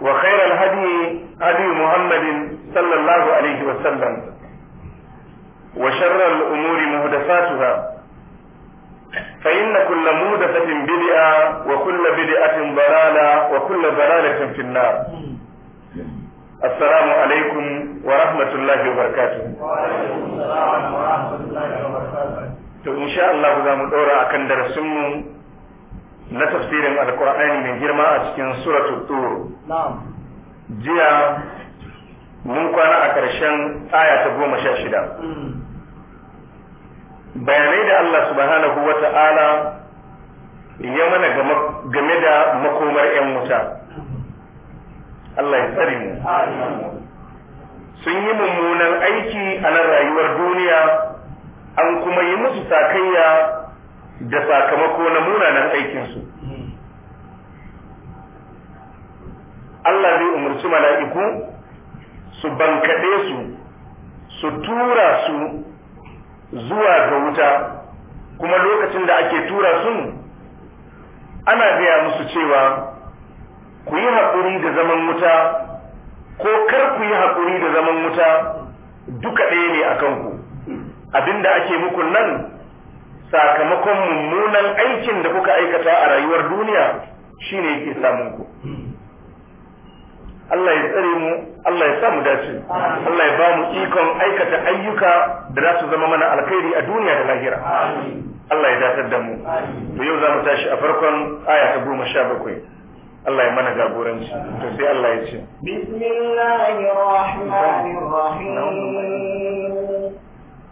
وخير الهدي هدي محمد صلى الله عليه وسلم وشر الأمور مهدفاتها فإن كل مهدفة بدعة وكل بدعة ضلالة وكل ضلالة في النار السلام عليكم ورحمة الله وبركاته وعليكم السلام ورحمة الله وبركاته to insha Allah za mu ɗora a kan darasinmu na tafsirin alkur'ani mai girma a cikin suratul tur jiya mun kwana a ƙarshen aya ta goma sha shida mm. bayanai da Allah subhanahu wa ta'ala ya mana game da makomar 'yan wuta Allah ya tsare mu sun yi mummunan aiki a nan rayuwar duniya an kuma yi musu sakayya da sakamako na munanan aikinsu Allah zai umarci mala'iku su bankaɗe su su tura su zuwa ga wuta kuma lokacin da ake tura su ana gaya musu cewa ku yi haƙuri da zaman wuta ko kar ku yi haƙuri da zaman wuta duka ɗaya ne a kanku abinda ake muku nan sakamakon mummunan aikin da kuka aikata a rayuwar duniya shine yake samunku. ku Allah ya tsare mu Allah ya sa mu dace Allah ya ba mu ikon aikata ayyuka da za su zama mana alkhairi a duniya da lahira Allah ya datar da mu to yau za mu tashi a farkon aya ta goma sha bakwai Allah ya mana jagoranci to sai Allah ya ce bismillahir rahmanir rahim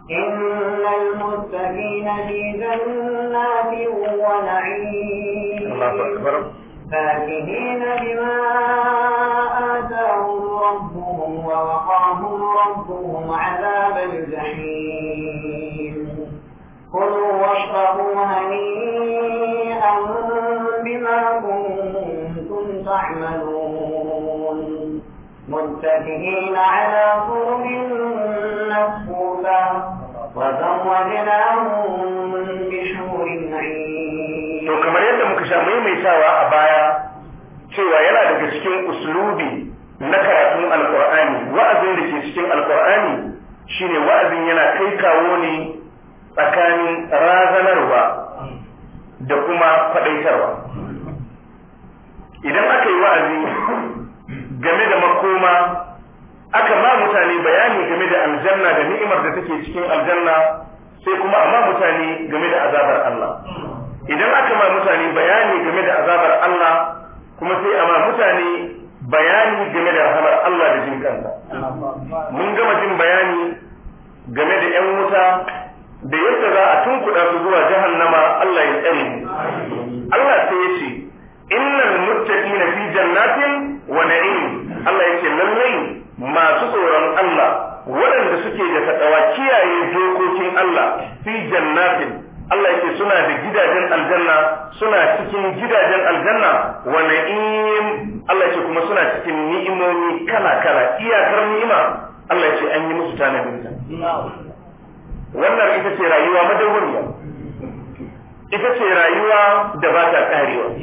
إن المتقين في جنات ونعيم الله أكبر فاكهين اتقوا ووقاهم ربهم عذاب الجحيم كلوا واشربوا هنيئا بما كنتم تعملون متكئين على سرر مصفوفة وزوجناهم بشهور عين. To kamar yadda muka sha maimaitawa a baya cewa yana daga cikin uslubi na karatun alkur'ani wa'azin da ke cikin alkur'ani shine wa'azin yana kai kawo ne tsakanin razanarwa da kuma faɗaitarwa idan aka yi wa'azi game da makoma aka ma mutane bayani game da aljanna da ni'imar da take cikin aljanna sai kuma a ma mutane game da azabar Allah idan aka ma mutane bayani game da azabar Allah kuma sai a mutane bayani game da rahamar Allah da jin kansa mun gama jin bayani game da yan wuta da yadda za a tunkuɗa su zuwa jahannama Allah ya tsare Allah sai ya ce innal muttaqina fi jannatin wa na'im Allah ya ce lallai masu tsoron Allah waɗanda suke da taɗawa kiyaye dokokin Allah fi jannatin Allah yake suna da gidajen aljanna suna cikin gidajen aljanna wa na'im an yi musu tanadin ta wannan ita ce rayuwa madawuriya, ita ce rayuwa da ba ta karewa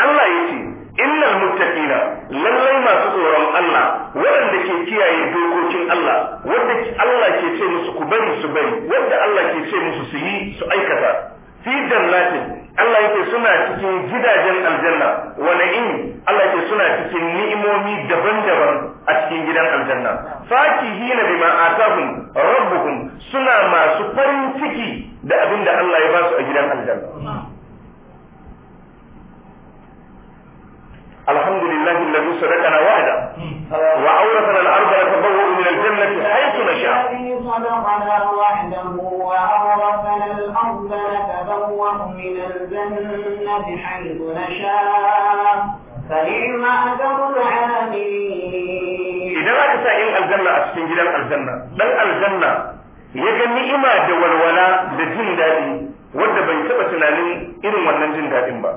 Allah ya ce innal muttaqina lallai masu tsoron Allah waɗanda ke kiyaye dokokin Allah wanda Allah ke ce musu ku bari su bari wanda Allah ke ce musu su yi su aikata fi jannatin Allah yake suna cikin gidajen aljanna wani in Allah yake suna cikin ni'imomi daban-daban a cikin gidan aljanna fakihina bima atahum rabbuhum suna masu farin ciki da abin da Allah ya ba su a gidan aljanna الحمد لله الذي صدقنا وعده وأورثنا الأرض نتبوأ من الجنة حيث نشاء الذي صدقنا وعده وأورثنا الأرض نتبوأ من الجنة حيث نشاء فنعم أجر العاملين إذا ما تسأل الجنة أتسجل جدا الجنة بل الجنة يجن نعمة والولا بجن دادي wadda bai taɓa tunanin irin wannan jin daɗin ba.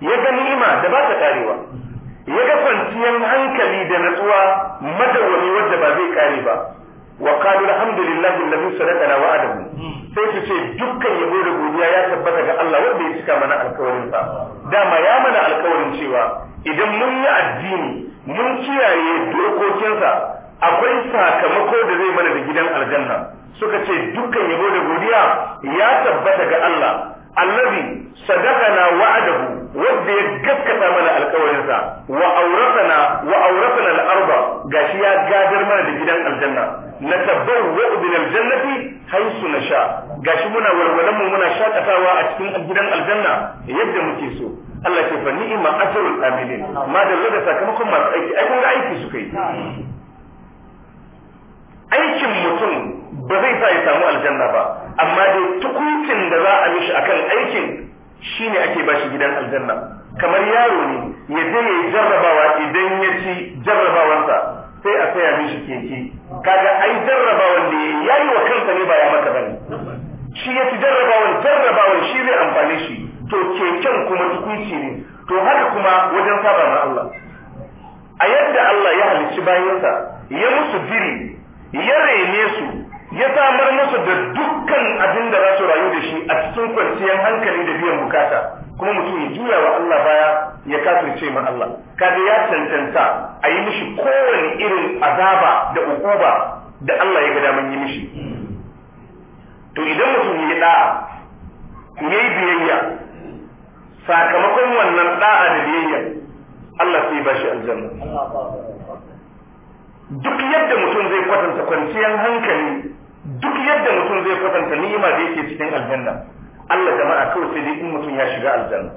ya ga ni'ima da ba ta karewa ya ga kwanciyar hankali da natsuwa madawwami wadda ba zai kare ba wa qalu alhamdulillahi alladhi sadaqana wa'adahu sai su ce dukkan yabo da godiya ya tabbata ga Allah wanda ya cika mana alkawarin sa dama ya mana alkawarin cewa idan mun yi addini mun kiyaye dokokinsa akwai sakamako da zai mana da gidan aljanna suka ce dukkan yabo da godiya ya tabbata ga Allah alladhi sadaqana wa'adahu wanda ya gaskata mana alkawarinsa wa auratana wa auratana al-arba gashi ya gadar mana da gidan aljanna na tabawwa min al-jannati haythu nasha gashi muna walwalan mu muna shakatawa a cikin gidan aljanna yadda muke so Allah ke fa ni'ma ajrul amilin ma da sakamakon masu aiki ai kun ga aiki suka yi aikin mutum ba zai sa ya samu aljanna ba amma dai tukuncin da za a mishi akan aikin shi ne ake ba shi gidan aljanna kamar yaro ne ya je ya jarrabawa idan ya ci jarrabawansa sai a saya mishi keke kaga ai jarrabawan da ya yi wa kansa ne ba ya maka bane shi ya ci jarrabawan jarrabawan shi zai amfane shi to keken kuma tukunci ne to haka kuma wajen saba na Allah a yadda Allah ya halicci bayansa ya musu biri ya rene su ya samar musu da dukkan abin da za su rayu da shi a cikin kwanciyar hankali da biyan bukata kuma mutum ya juya wa Allah baya ya kafirce ma Allah kaga ya cancanta a yi mishi kowane irin azaba da ukuba da Allah ya ga daman yi mishi to idan mutum ya da'a ya yi biyayya sakamakon wannan da'a da biyayya Allah sai ba shi aljanna duk yadda mutum zai kwatanta kwanciyar hankali duk yadda mutum zai kwatanta ni'ima da yake cikin aljanna Allah jama'a kawai sai dai in mutum ya shiga aljanna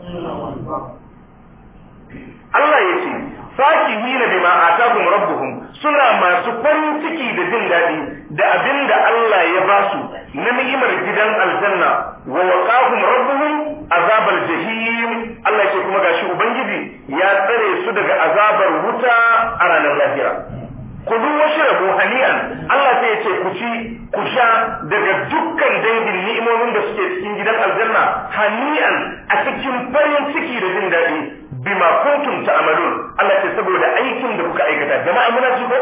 Allah ya ce fakihina bima atakum rabbuhum suna masu farin da jin daɗi da abinda Allah ya ba su na ni'imar gidan aljanna wa waqahum rabbuhum azabal jahim Allah ya ce kuma gashi ubangiji ya tsare su daga azabar wuta a ranar lahira ku wasu rabu hani'an Allah sai ya ce ku ci ku sha daga dukkan daidin ni'imomin da suke cikin gidan aljanna hani'an a cikin farin ciki da jin daɗi bima kuntum ta'malun Allah ce saboda aikin da kuka aikata jama'a muna ji ko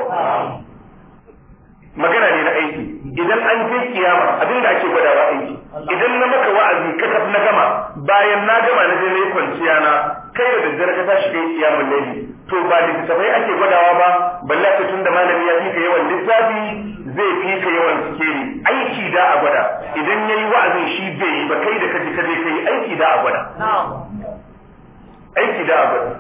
magana ne na aiki idan an je kiyama abinda ake gwadawa aiki idan na maka wa'azi kasaf na gama bayan na gama na je nayi kwanciya na kai da daddare ka tashi kai kiyamun laifi to ba da littattafai ake gwadawa ba balla ka tun malami ya fi ka yawan littafi zai fi ka yawan sikeri aiki da a gwada idan yayi waazi shi bai yi ba kai da kaji kaje ka yi aiki da a gwada aiki da a gwada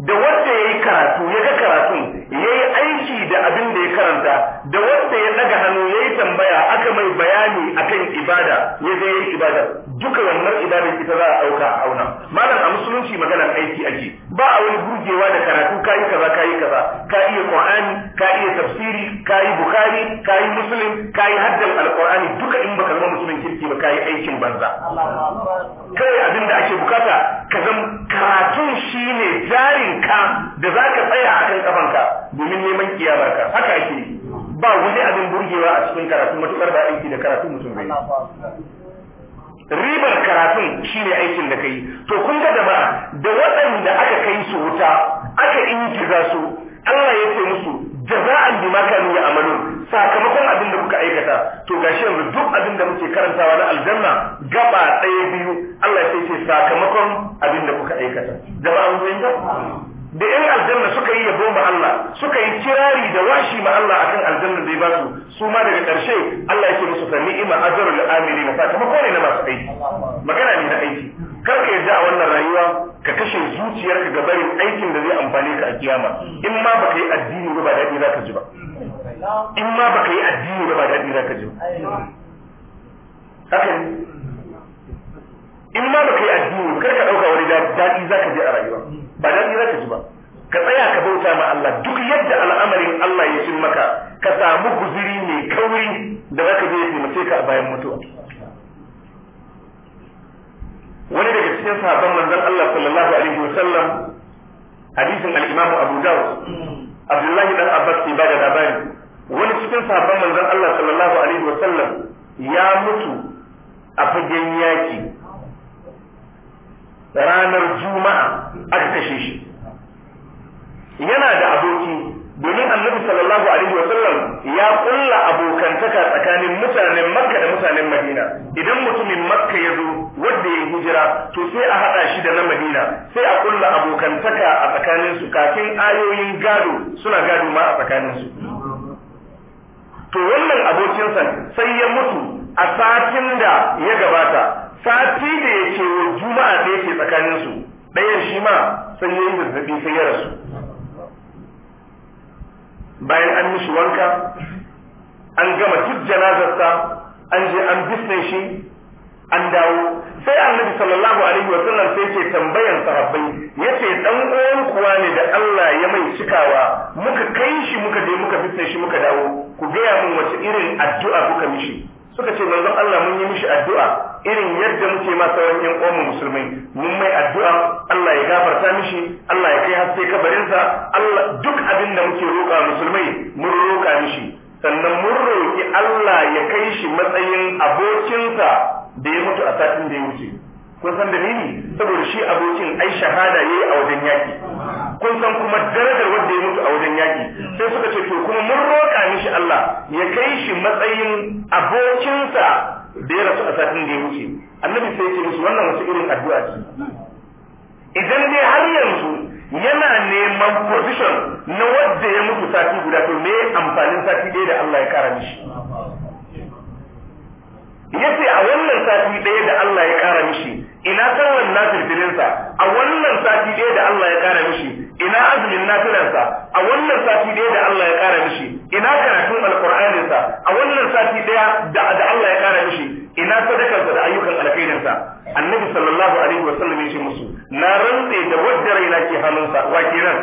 da wanda yayi karatu ya ga karatun ya yi aiki da abin da ya karanta da wanda ya daga hannu ya yi tambaya aka mai bayani akan ibada ya zai yi ibada duka wannan ibadar ita za a ɗauka a auna malam a musulunci maganar aiki ake ba a wani burgewa da karatu ka yi kaza ka yi kaza ka iya qur'ani ka iya tafsiri ka yi bukhari ka yi muslim ka yi haddan alqur'ani duka in baka zama musulmin kirki ba ka yi aikin banza kawai abin da ake bukata ka zama karatun shine jarin ka da zaka tsaya akan kafanka domin neman kiyama ka haka ake ba wani abin burgewa a cikin karatu matukar da aiki da karatu mutum bai ribar karatun shine aikin da kai to kun ga da ba da waɗanda aka kai su wuta aka injiza su Allah ya ce musu jaza'an ma kanu amalu sakamakon abin da kuka aikata to gashi yanzu duk abin da muke karantawa na aljanna gaba ɗaya biyu Allah ya ce sakamakon abin da kuka aikata jama'a mun ga da yan aljanna suka yi yabo ma Allah suka yi kirari da washi ma Allah akan aljanna da ya basu su ma daga ƙarshe Allah yake musu fa ni'ima ajrul amilin fa kuma ko ne na masu aiki magana ne na aiki kar ka yarda a wannan rayuwa ka kashe zuciyarka ga barin aikin da zai amfane ka a kiyama in ma baka yi addini ba daɗi za ka ji ba in ma baka yi addini ba daɗi za ka ji ba haka in ma baka yi addini kar ka ɗauka wani daɗi za ka je a rayuwa ba da ne zaka ji ba ka tsaya ka bauta ma Allah duk yadda al'amarin Allah ya cin maka ka samu guzuri mai kauri da zaka je ka mace ka a bayan mutuwa wani daga cikin sahabban manzon Allah sallallahu alaihi wasallam hadisin al-Imam Abu Dawud Abdullahi dan Abbas ke bada labari wani cikin sahabban manzon Allah sallallahu alaihi wasallam ya mutu a fagen yaki ranar juma'a aka kashe shi yana da aboki domin annabi sallallahu alaihi wa sallam ya kulla abokantaka tsakanin mutanen makka da mutanen madina idan mutumin makka ya zo wanda ya hijira to sai a hada shi da na madina sai a kulla abokantaka a tsakanin su kafin ayoyin gado suna gado ma a tsakanin su to wannan abokinsa sai ya mutu a satin da ya gabata sati da ya ce juma'a da yake tsakanin su ɗaya shi ma sai ya yi zazzabi sai ya rasu bayan an mishi wanka an gama duk janazarsa an je an bisne shi an dawo sai annabi sallallahu alaihi wa sallam sai ke tambayan sahabbai yace dan uwan kuwa ne da Allah ya mai cikawa muka kai shi muka je muka bisne shi muka dawo ku gaya mun wace irin addu'a kuka mishi suka ce manzon Allah mun yi mishi addu'a irin yadda muke ma sauran yan mu musulmai mun mai addu'a Allah ya gafarta mishi Allah ya kai haske kabarinsa Allah duk abin da muke roƙa musulmai mun roƙa mishi sannan mun roƙi Allah ya kai shi matsayin abokinsa da ya mutu a satin da ya wuce kun san dalili saboda shi abokin ai shahada yayi a wajen yaki kun san kuma darajar wanda ya mutu a wajen yaki sai suka ce to kuma mun roƙa mishi Allah ya kai shi matsayin abokinsa da ya rasu a satin da ya wuce annabi sai ya ce musu wannan wasu irin addu'a ce idan dai har yanzu yana neman position na wanda ya mutu sati guda to me amfanin sati ɗaya da Allah ya kara mishi yace a wannan sati ɗaya da Allah ya kara mishi ina kawai nasir filinsa a wannan sati ɗaya da Allah ya kara mishi ina azumin nafilarsa a wannan sati daya da Allah ya kara mishi ina karatun alqur'aninsa a wannan sati daya da Allah ya kara mishi ina sadakarsa da ayyukan alkhairinsa annabi sallallahu alaihi wasallam ya ce musu na rantse da wadda raina ke hannunsa wa kenan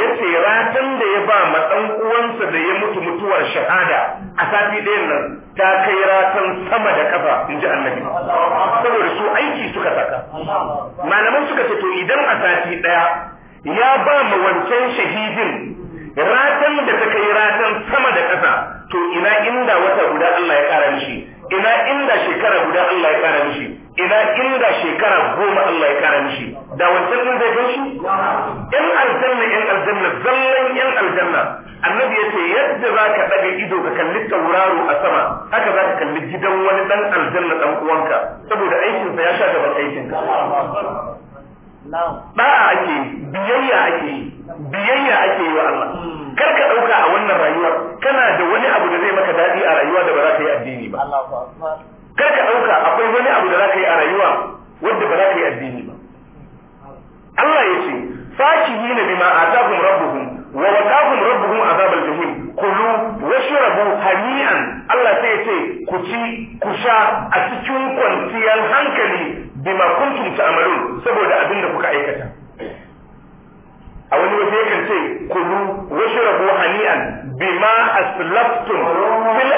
yace ratan da ya ba ma dan uwansa da ya mutu mutuwar shahada a sati ɗayan nan ta kai ratan sama da kafa inji annabi saboda su aiki suka saka malaman suka ce to idan a sati ɗaya ya ba ma wancan shahidin ratan da ta kai ratan sama da ƙasa to ina inda wata guda Allah ya ƙara mishi ina inda shekara guda Allah ya ƙara mishi ina inda shekara goma Allah ya ƙara mishi da wancan din zai kai shi in aljanna in aljanna zallan in aljanna annabi yace yadda za ka ɗaga ido ka kalli tauraro a sama haka za ka kalli gidan wani ɗan aljanna ɗan uwanka saboda aikinsa ya sha gaban aikinka da'a ake biyayya ake yi biyayya ake yi wa Allah hmm. kar ka ɗauka a wannan rayuwar kana da wani abu da zai maka daɗi a rayuwa da ba za ka yi addini ba kar ka ɗauka akwai wani abu da za ka yi a rayuwa wanda ba za ka yi addini ba Allah ya ce fakihina bima atakum rabbuhun, wa wa rabbuhun a azabal jahim kulu washrabu hani'an Allah sai ya ce ku ci ku sha a cikin kwanciyar hankali bima kuntum ta'malun saboda abin da kuka aikata a wani waje yakan ce kulu washrabu hani'an bima aslaftum fil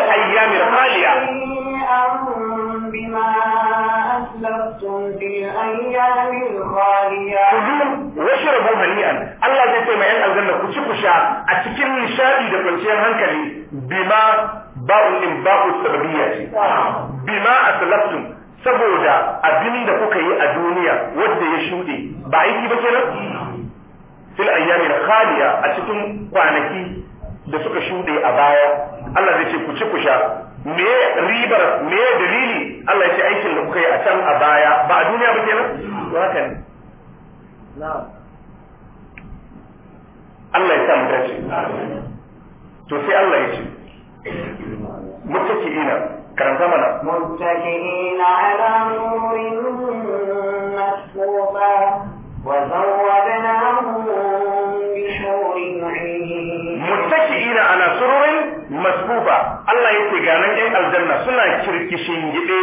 ayyami khaliya Kulu washe rabu hani'an Allah zai ce mai yan aljanna ku ci ku a cikin nishaɗi da kwanciyar hankali bima ba'un in ce bima aslaftum saboda abin da kuka yi a duniya wanda ya shuɗe ba aiki ba kenan fil ayyami khaliya a cikin kwanaki da suka shuɗe a baya Allah zai ce ku ci ku sha me ribar me dalili Allah ya ce aikin da kuka yi a can a baya ba a duniya ba kenan to haka ne Allah ya sa mu dace to sai Allah ya ce muttaki ina karanta mana muttaqina ala nurin masfufa wa zawwadnahum bi shurin muttaqina ala sururin masfufa Allah yace ga nan ɗan aljanna suna kirkishin gide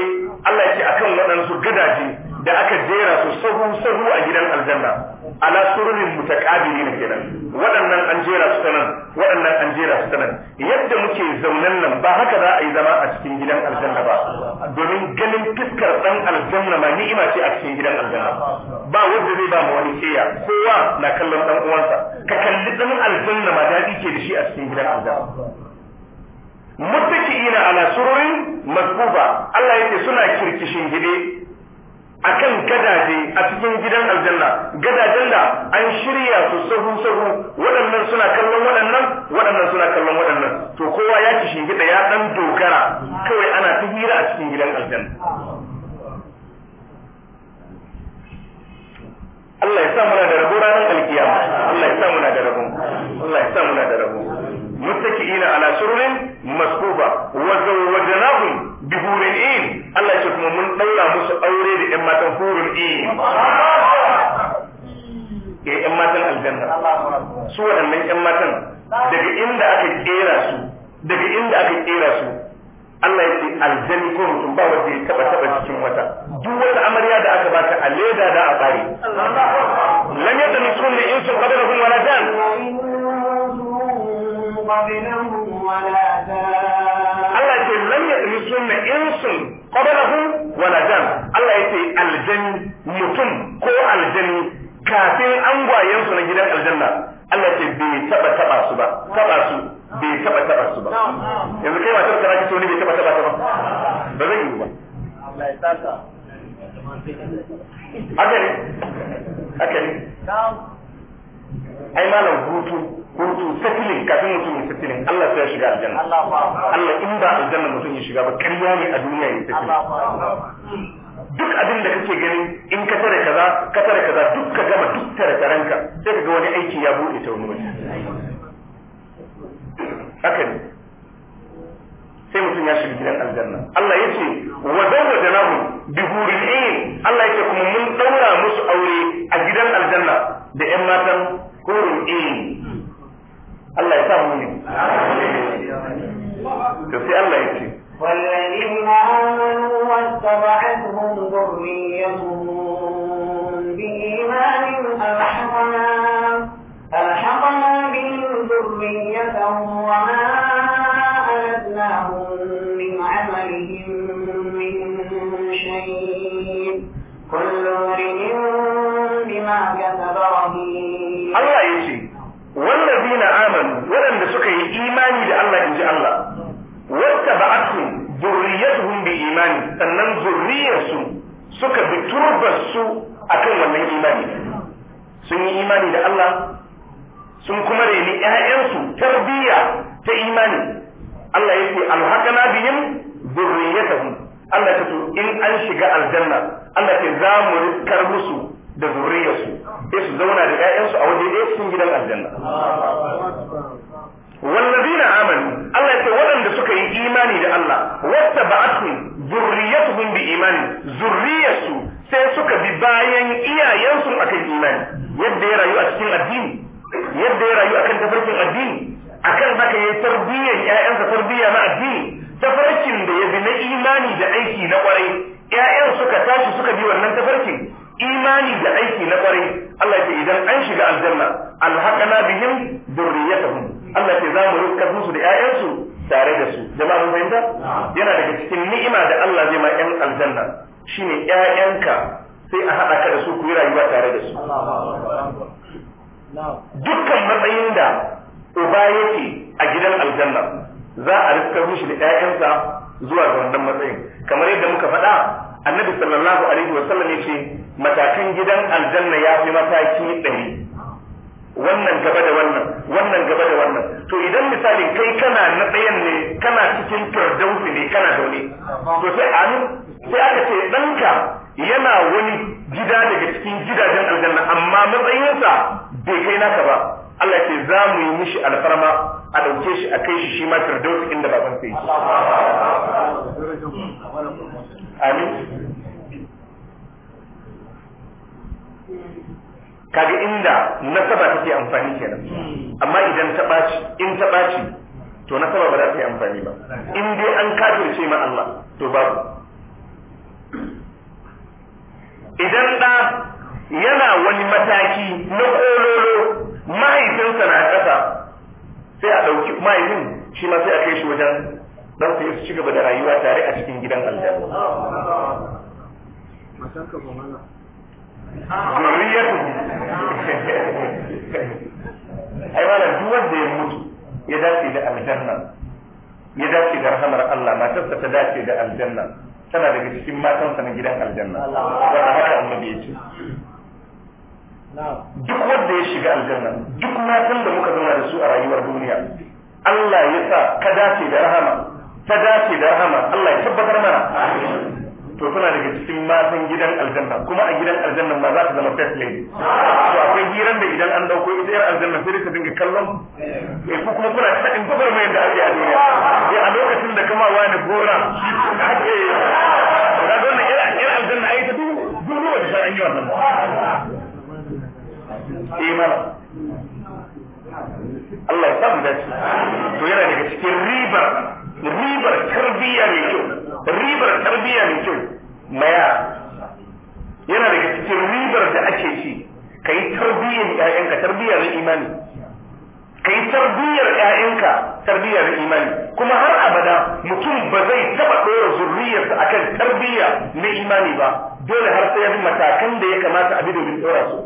Allah yace akan waɗansu gadaje da aka jera su sahu sahu a gidan aljanna ala sururin ta ne kenan waɗannan an jera su nan waɗannan an jera su nan yadda muke zaunan nan ba haka za a yi zama a cikin gidan aljanna ba domin ganin fiskar ɗan aljanna ma ni'ima ce a cikin gidan aljanna ba wanda zai ba mu wani keya kowa na kallon ɗan uwansa ka kalli dan aljanna ma daɗi ke da shi a cikin gidan aljanna muttaki'ina ala sururin mazkufa Allah yake suna kirkishin gide akan gadaje a cikin gidan aljanna gadajen da an shirya su sahu sahu waɗannan suna kallon waɗannan waɗannan suna kallon waɗannan to kowa ya ci shingida ya dan dogara kawai ana ta hira a cikin gidan aljanna Allah ya sa na da rabo ranar alkiyama Allah ya sa na da rabo Allah ya sa na da rabo muttaki'ina ala shururin maskuba wa zawwajnahum bihuril Allah ce kuma mun ɗaura musu aure da ƴan matan hurul ini ga eh, ƴan matan aljanna su waɗannan ƴan matan daga inda aka kera su daga inda aka kera su Allah ya ce aljani ko mutum ba wanda ya taba taba cikin wata duk wata amarya da aka baka a leda da a bare da in sunni insu qadarahum wala jan. Allah ce lam yadani in sun. qablahu wala dam Allah yace aljanni mutum ko aljanni kafin angwayen su na gidan aljanna Allah ce bai taba taba su ba taba su bai taba taba su ba yanzu kai matar kana ki so ne bai taba taba ba ba zai yi ba Allah ya tsaka haka ne haka ne ai malam hutu hutu settling kafin mutum ya settling Allah sai ya shiga aljanna Allah in ba aljanna mutum ya shiga ba kariya ne a duniya ya settling duk abin da kake gani in ka tare kaza ka tare kaza duk ka gama duk tare taranka sai ka ga wani aiki ya bude ta wani wani. haka ne sai mutum ya shiga gidan aljanna Allah ya ce wa dawwadanahu bi huril Allah ya ce kuma mun daura musu aure a auladahu Allah ce za mu musu da ƴaƴansu tare da su jama'a mun fahimta yana daga cikin ni'ima da Allah zai ma ƴan aljanna shine ƴaƴanka sai a haɗa ka da su ku yi rayuwa tare da su dukkan matsayin da uba yake a gidan aljanna za a rinka musu da ƴaƴansa zuwa ga wannan matsayin kamar yadda muka faɗa annabi sallallahu alaihi wasallam ya ce matakin gidan aljanna ya fi mataki ɗari wannan gaba da wannan wannan gaba da wannan to idan misali kai kana na tsayen ne kana cikin firdausi ne kana zaune to sai an sai aka ce ɗanka yana wani gida daga cikin gidajen aljanna amma matsayinsa bai kai naka ba Allah ce za mu yi mishi alfarma a ɗauke shi a kai shi shi ma firdausi inda baban sai amin kaga inda nasaba take amfani kenan amma idan ta ɓaci in ta ɓaci to nasaba ba za ta yi amfani ba in dai an kafirce ma Allah to babu idan ɗa yana wani mataki na kololo mahaifinsa na ƙasa sai a ɗauki mahaifin shi ma sai a kai shi wajen su sai su ci gaba da rayuwa tare a cikin gidan aljanna. zurriyatu ai wala duk wanda ya mutu ya dace da aljanna ya dace da rahamar Allah matarsa ta dace da aljanna tana daga cikin matansa na gidan aljanna wanda haka annabi ya ce duk wanda ya shiga aljanna duk matan da muka zauna da su a rayuwar duniya Allah ya sa ka dace da rahama ta dace da rahama Allah ya tabbatar mana to tana daga cikin matan gidan aljanna kuma a gidan aljanna ma za ta zama first lady to akwai hiran da idan an dauko ita yar aljanna sai ka dinga kallon eh ko kuma kuna ta in gobar mai da ake a duniya sai eh, a lokacin da kama wani gora ake da don yar aljanna ai ta duk duk wanda sai an yi wannan imana eh, Allah ya samu dace to yana daga cikin ribar ribar tarbiyya mai kyau ribar tarbiyya mai kyau na yara yana daga cikin ribar da ake ci ka yi tarbiyyar ƴaƴanka tarbiyyar imani ka yi tarbiyyar ƴaƴanka tarbiyyar imani kuma har abada mutum ba zai taɓa ɗora zurriyarsa akan tarbiyya na imani ba dole har sai ya bi matakan da ya kamata a bi domin ɗora su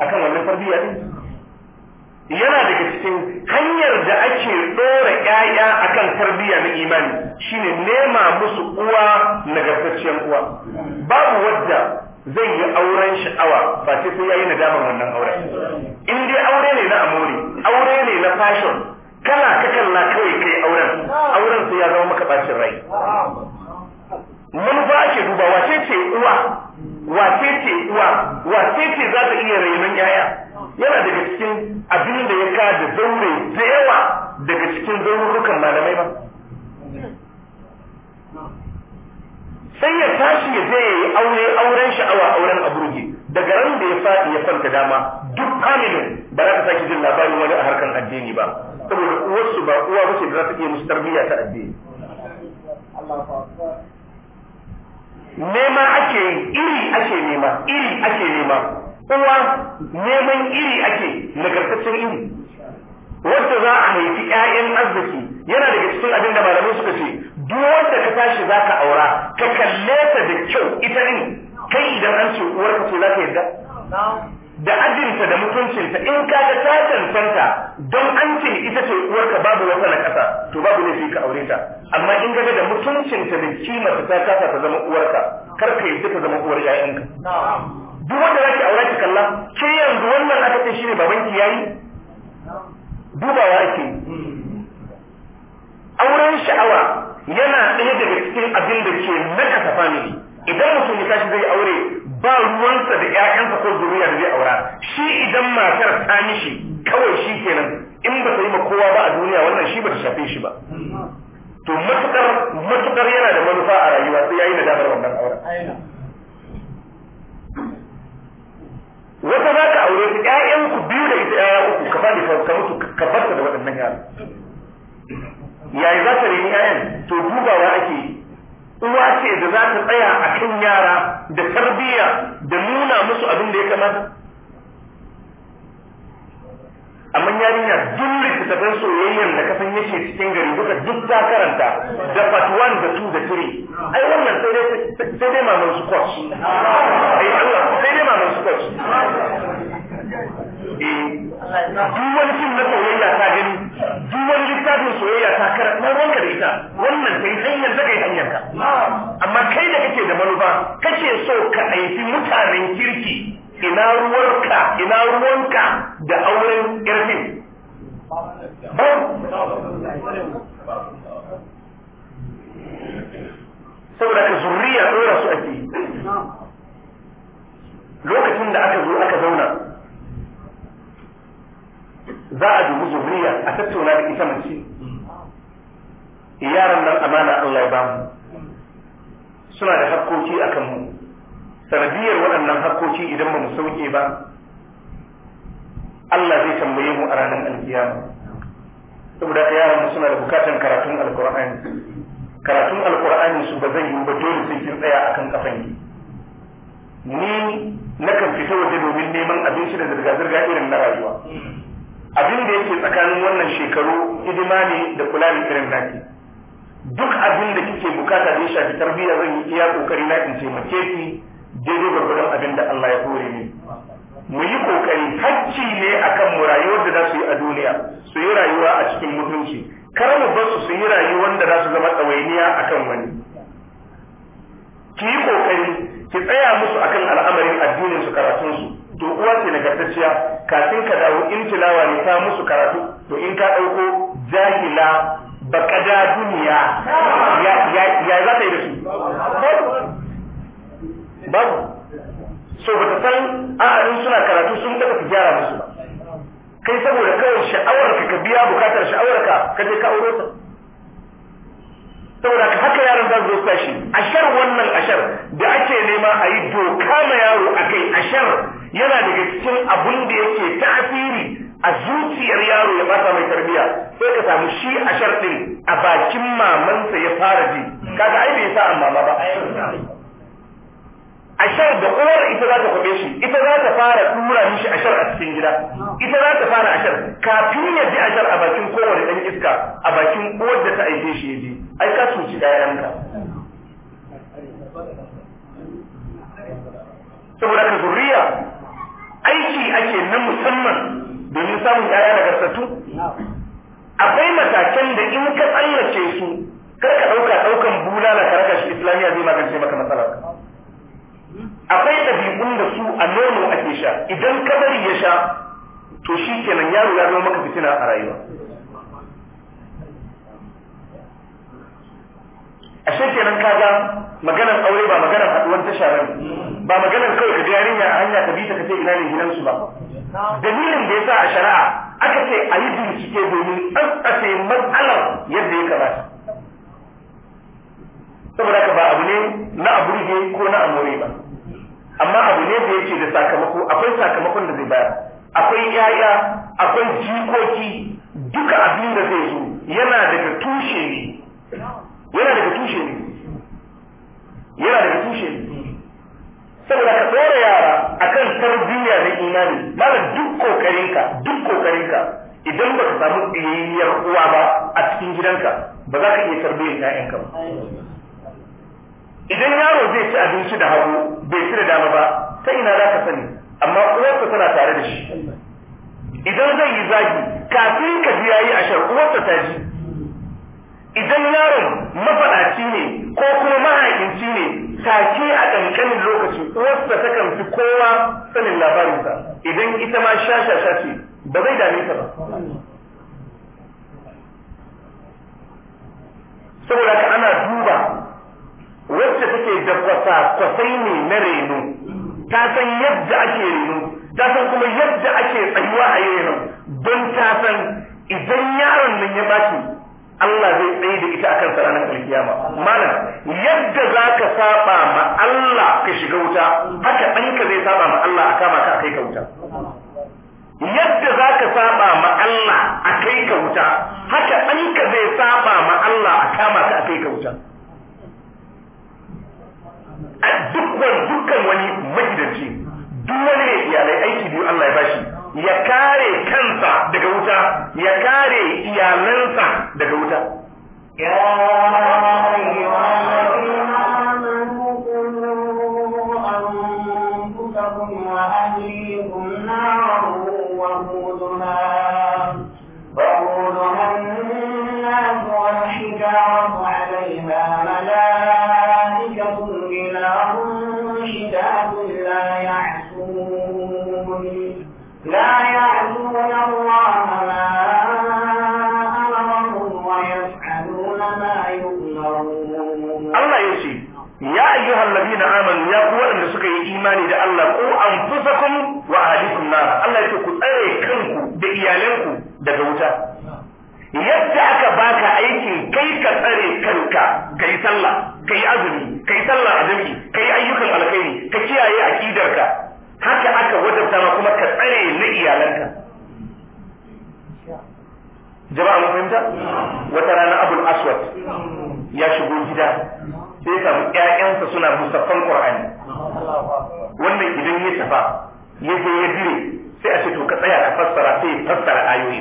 akan wannan tarbiyya din yana daga cikin hanyar da ake ɗora ‘ya'ya akan kan tarbiyya na imani shine nema musu uwa nagartacciyar uwa babu wadda zai yi auren sha'awa ba sai sai yayi nadaman wannan auren in dai aure ne na amore aure ne na fashion kana ka kalla kawai kai auren auren sai ya zama maka bacin rai manufa ake duba wace ce uwa wace ce uwa wace ce za ta iya rayuwar yaya yana daga cikin abin da ya ka da zaure da yawa daga cikin zaurukan malamai ba sai ya tashi ya je ya yi aure auren sha'awa auren aburge daga ran da ya faɗi ya kwanta dama duk familin ba za ta sake jin labarin wani a harkar addini ba saboda wasu ba uwa ba ce da za ta iya musu tarbiyya ta addini nema ake yi iri ake nema iri ake nema kowa neman iri ake nagartaccen iri wanda za a haifi ƴaƴan arziki yana daga cikin abin da malamai suka ce duk wanda ka tashi za ka aura ka kalle ta da kyau ita ne kai idan an ce uwarka ce za ka yarda da ajinta da mutuncinta in ka ga ta cancanta don an ce ita ce uwar ka babu wata na ƙasa to babu ne ka aure ta amma in ga da mutuncinta da kima ta ta kasa ta zama uwarka kar ka yi ta zama uwar ƴaƴanka duk wanda zaki aure ki kalla ke yanzu wannan aka ce shine babanki yayi dubawa ake auren sha'awa yana ɗaya daga cikin abin da ke nakasa family idan mutum ya tashi zai aure ba ruwansa da ƴaƴansa ko zuriya da zai aura shi idan matar ta mishi kawai shi kenan in ba ta yi ma kowa ba a duniya wannan shi ba ta shafe shi ba to matukar matukar yana da manufa a rayuwa sai yayi damar wannan auren wata za ka aure su ƴaƴan ku biyu da ita ƴaƴa uku ka bani ka mutu ka farta da waɗannan yara yayi za ta reni ƴaƴan to dubawa ake yi uwa ce da za ta tsaya a kan yara da tarbiyya da nuna musu abin da ya kamata amma yarinya duk littattafan soyayyar da kasan yake cikin gari duka duk ta karanta da part 1 da 2 da 3 ai wannan sai dai sai dai mamansu kwas. ai Allah Eh, duk wani fim na soyayya ta gani duk wani littafin soyayya ta karanta ruwanka da ita wannan kai hanyar ta kai hanyar ka amma kai da kake da manufa kake so ka aiki mutanen kirki ina ruwanka ina ruwanka da auren irfin saboda ka zuriya ɗora su ake lokacin da aka zo aka zauna za a dubi zuriya a tattauna da ita mace eh, yaran nan amana Allah ya ba mu suna da hakkoki a kanmu sanadiyar waɗannan hakkoki idan ba mu sauke ba Allah zai tambaye mu a ranar alkiyama saboda ka yaran suna da bukatan karatun alkur'ani karatun alkur'ani su ba zai yi ba dole sai kin tsaya akan kafan ni Na kan fita waje domin neman abinci da zirga-zirga irin na rayuwa abin da yake tsakanin wannan shekaru hidima ne da kula da irin naki duk abin da kike bukata da ya shafi tarbiyya zan yi iya kokari na in taimake ki daidai gwargwadon abin da Allah ya kore ni mu yi kokari hacci ne akan mu rayuwar da za su yi a duniya su yi rayuwa a cikin mutunci kar mu bar su su yi rayuwar da za su zama tsawainiya kan wani ki yi kokari ki tsaya musu akan al'amarin addinin su karatun su to uwa ce nagartacciya kafin ka dawo in tilawa ne ta musu karatu to in ka dauko jahila da duniya ya ya za ta yi da su babu so ba ta san a'arin suna karatu sun daga su gyara musu ba kai saboda kawai sha'awarka ka biya bukatar sha'awarka ka je ka aure ta saboda haka yaron za su zo tashi ashar wannan ashar da ake nema a yi doka ma yaro a kai ashar yana daga cikin abun da yake tasiri a zuciyar yaro ya fasa mai tarbiyya sai ka samu shi ashar din a bakin mamansa ya fara ji kaga ai bai sa amma ba ashar da uwar ita za ta kwabe shi ita za ta fara tura mishi ashar a cikin gida ita za ta fara ashar kafin ya bi ashar a bakin kowane ɗan iska a bakin uwar da ta aike shi ya bi. ai ka cuci ƴaƴanka saboda ka zuriya aiki ake na musamman domin samun ƴaƴa nagartattu akwai matakan da in ka tsallake su kar ka ɗauka ɗaukan bulala ka raka shi islamiyya zai magance maka matsalar akwai ɗabi'un da su a nono ake sha idan ka ya sha to shi kenan yaro ya zama maka fitina a rayuwa ashe kenan kaga maganar aure ba maganar haɗuwar tasha ba ba maganar kawai ka ga yarinya a hanya ka bi ta kace ina ne gidansu ba dalilin da yasa a shari'a aka ce a yi bincike domin tsantsace matsalar yadda ya kamata saboda ka ba abu ne na aburge ko na amore ba amma abu ne da yake da sakamako akwai sakamakon da zai bayar akwai yaya akwai jikoki duka abin da zai zo yana daga tushe ne yana daga tushe ne yana daga tushe ne saboda ka tsora yara akan tarbiyya na imani malam duk kokarinka duk kokarinka idan ba ka samu tsiyayyar uwa ba a cikin gidanka ba za ka iya tarbiyyar 'ya'yanka ba idan yaro zai ci abinci da hagu bai ci da dama ba ta ina za ka sani amma uwarsa tana tare da shi idan zai yi zagi kafin ka ji yayi ashar uwarsa ta ji idan yaron mafaɗaci ne ko kuma mahaifinci ne take a ƙanƙanin lokaci uwarsa ta kan fi kowa sanin labarinsa idan ita ma shashasha ce ba zai dame ta ba saboda ka ana duba wacce suke da kwasa kwasai ne na reno ta san yadda ake reno ta san kuma yadda ake tsayuwa a reno don ta san idan yaron nan ya baci Allah zai tsaye da ita a kan ranar alkiyama mana yadda za ka saba ma Allah ka shiga wuta haka ɗanka zai saba ma Allah a kama ka a kai ka wuta yadda za ka saba ma Allah a kai ka wuta haka ɗanka zai saba ma Allah a kama ka a kai ka wuta irin wani majidanci duk wani mai iyalai aiki biyu Allah ya bashi ya kare kansa daga wuta ya kare iyalansa daga wuta imani da Allah ko an kun wa ahlikum na Allah yake ku tsare kanku da iyalanku daga wuta yadda aka baka aikin kai ka tsare kanka kai sallah kai azumi kai sallah azumi kai ayyukan alkhairi ka kiyaye ka, haka aka wajabta ma kuma ka tsare na iyalanka jama'a mun fahimta wata rana abul aswad ya shigo gida sai ka samu ƴaƴansa suna musaffan Qur'ani wannan idan ya tafa ya je ya dire sai a ce to ka tsaya ka fassara sai ya fassara ayoyi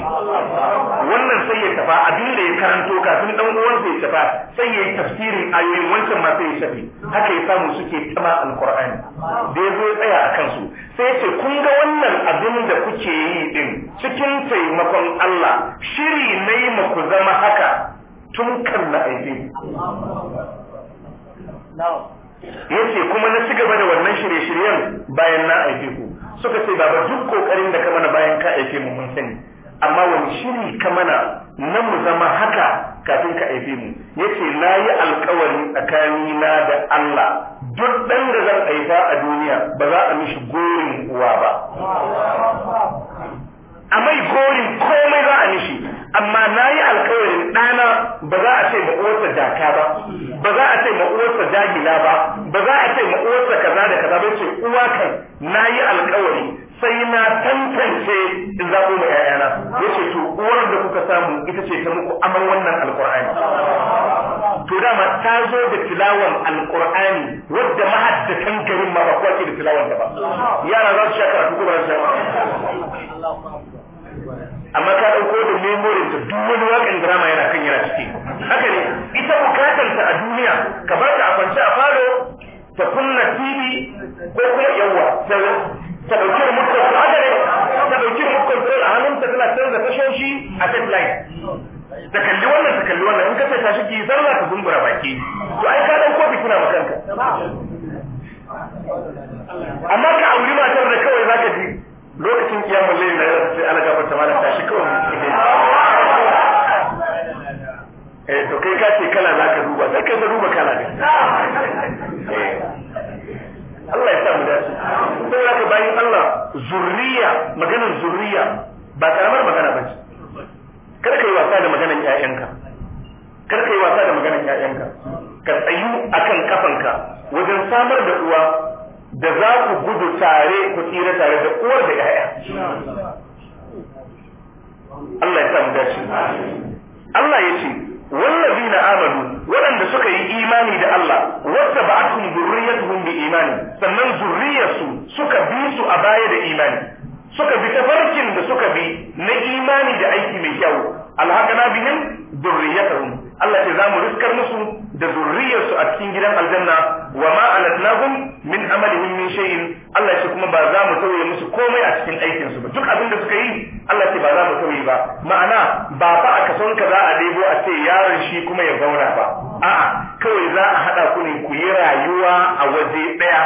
wannan sai ya tafa abin da ya karanto kafin dan uwansa ya tafa sai ya yi tafsirin ayoyin wancan ma sai ya shafi haka ya samu suke tsama alqur'ani da ya zo ya tsaya a kansu sai ya ce kun ga wannan abin da kuke yi din cikin taimakon Allah shiri ne mu ku zama haka tun kan na aiki yace kuma na ci gaba da wannan shirye-shiryen bayan na aike ku suka ce baba duk kokarin da ka mana bayan ka aike mu mun sani amma wani shiri ka mana na mu zama haka kafin ka aife mu yace na yi alkawari tsakani na da Allah duk dan da zan aifa a duniya ba za a mishi gorin uwa ba a mai gorin komai za a mishi amma na yi alkawarin ɗana ba za a ce ma'uwarsa jaka ba ba za a ce ma'uwarsa jagila ba ba za a ce ma'uwarsa kaza da kaza ba ce uwa kan na yi alkawari sai na tantance in zaɓo ma ‘ya'yana ya ce to uwar da kuka samu ita ce ta muku aman wannan alƙur'ani to dama ta zo da tilawan alƙur'ani wadda mahaddatan garin ma ba kowa ke da tilawan ta ba yara za su sha karatu ko ba su amma ka ɗauko da memorin ta duk wani waƙan drama yana kan yana ciki haka ne ita bukatar ta a duniya ka ta a kwance a falo ta kunna tv ko kuma yawa ta ɗauki da mutum haka ne ta ɗauki da mutum a hannunta tana canza tashoshi a deadline ta kalli wannan ta kalli wannan in ka sai tashi ki zalla ta zumbura baki to ai ka ɗauko fitina kuna makanka amma ka auri matar da kawai zaka ji lokacin kiyamun laili na yau sai ana gafarta malam tashi kawai eh to kai ka ce kala za ka duba sai kai ka duba kala ne eh, Allah ya sa mu dace sai za ka bayi Allah zurriya maganar zurriya ba karamar magana ba ce kar ka yi wasa da maganar ƴaƴanka kar ka yi wasa da maganar ƴaƴanka ka tsayu akan kafanka wajen samar da uwa da za ku gudu tare ku tsira tare da uwar da yaya Allah ya samu dace Allah ya ce na Amadu waɗanda suka yi imani da Allah wata zurriyar hun bi imani sannan zurriyarsu suka bi su a baya da imani suka bi ta tafarkin da suka bi na imani da aiki mai kyau alhaka alhaqana bihim zurriyatuhum Allah ce za mu riskar musu da zurriyarsu a cikin gidan aljanna wa ma alatnahum min amalihim min shay'in Allah ce kuma ba za mu tauye musu komai a cikin aikin su ba duk abin da suka yi Allah ce ba za mu tauye ba ma'ana ba fa a kason ka za a debo a ce yaron shi kuma ya zauna ba a'a kawai za a hada ku ne ku yi rayuwa a waje daya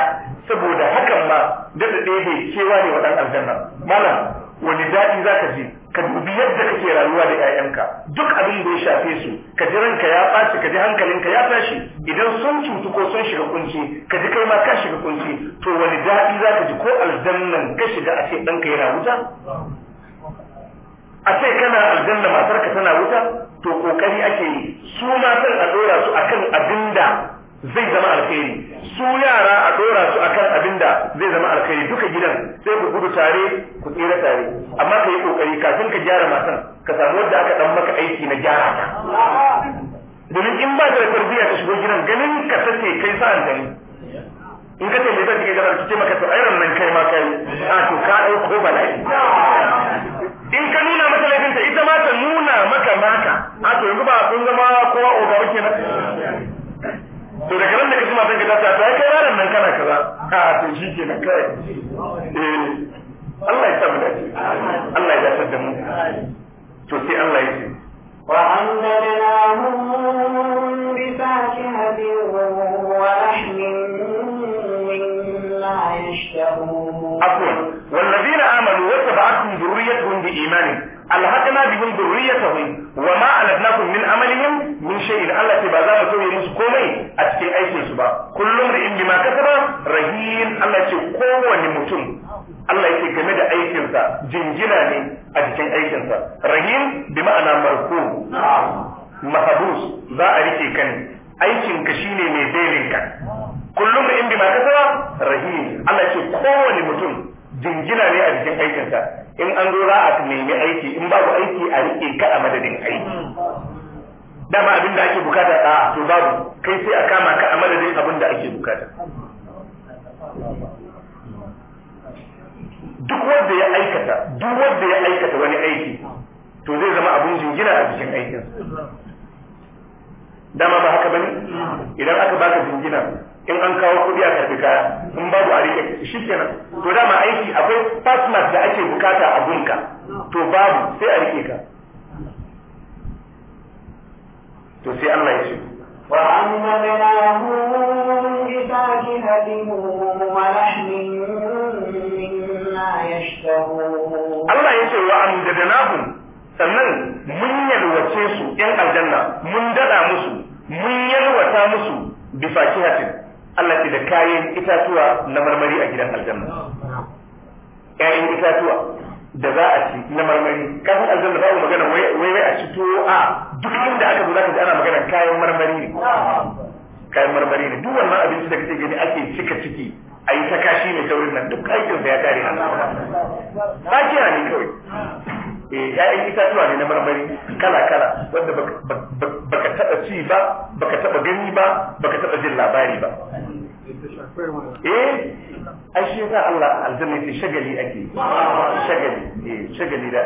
saboda hakan ma da da bai kewa ne wa dan aljanna malam wani daɗi za ka ji ka dubi yadda kake rayuwa da ƴaƴanka duk abin da ya shafe su ka ji ranka ya ɓaci ka ji hankalinka ya tashi idan sun cutu ko sun shiga kunci ka ji kai ma ka shiga kunci to wani daɗi za ka ji ko aljannan ka shiga a ce ɗanka yana wuta a ce kana aljanna matarka tana wuta to kokari ake yi su ma a ɗora su akan abin da zai zama alkhairi su yara a dora su akan abin da zai zama alkhairi duka gidan sai ku gudu tare ku tsira tare amma ka yi kokari kafin ka gyara matan ka samu wanda aka dan maka aiki na gyara ta domin in ba da tarbiyya ka shigo gidan ganin ka sace kai sa'an gani in ka ce me zai kike gara ki ce maka to nan kai ma kai a to ka dauko bala'i in ka nuna mata laifinta ita ma ta nuna maka maka a to yanzu ba kun zama kowa ogaba kenan to daga nan da ka ji matan ka ta ta kai yaron nan kana kaza a to shi ke nan kai eh Allah ya samu dace Allah ya dace da mu to sai Allah ya ce وأمددناهم بفاكهة ولحم عفوا والذين آمنوا واتبعتهم ذريتهم بإيمان ألحقنا بهم ذريتهم وما ألفناكم من عملهم من شيء الله تبارك وتعالى musu komai a cikin aikin su ba kullum da in bima ba? rahin Allah ce kowane mutum Allah yake game da aikinsa jinjina ne a cikin aikinsa rahim bi marko. marku mahabus za a rike kan aikinka shine mai belinka kullum da ma mata kowa rahim Allah ce kowane mutum jingina ne a jikin aikinsa in an zo za a nemi aiki in babu aiki a rike ka a madadin aiki dama abin da ake bukata a to babu kai sai a kama ka a madadin abin da ake bukata duk wanda ya aikata duk wanda ya aikata wani aiki to zai zama abun jingina a cikin aikin dama ba haka bane idan aka baka jingina in an kawo kuɗi a karfi kaya in babu a rike shi kenan to dama aiki akwai fasmas da ake bukata a gunka to babu sai a rike ka to sai Allah ya ce وأمدناه Allah ya ce wa الله يقول وأمددناهم sannan mun yalwace su ‘yan aljanna mun dada musu mun yalwata musu bifakihatin Allah ce da kayan itatuwa na marmari a gidan aljanna kayan itatuwa da za a ci na marmari kafin aljanna babu magana wai wai a ci tuwo a duk inda aka zo zaka ji ana magana kayan marmari ne kayan marmari ne duk wannan abinci da kake gani ake cika ciki a yi ta kashi mai saurin nan duk aikin da ya kare a Ba ne kawai eh ya'yan itatuwa ne na marmari kala kala wanda baka taba ci ba baka taba gani ba baka taba jin labari ba eh ai shi yasa Allah aljanna ce shagali ake shagali eh shagali da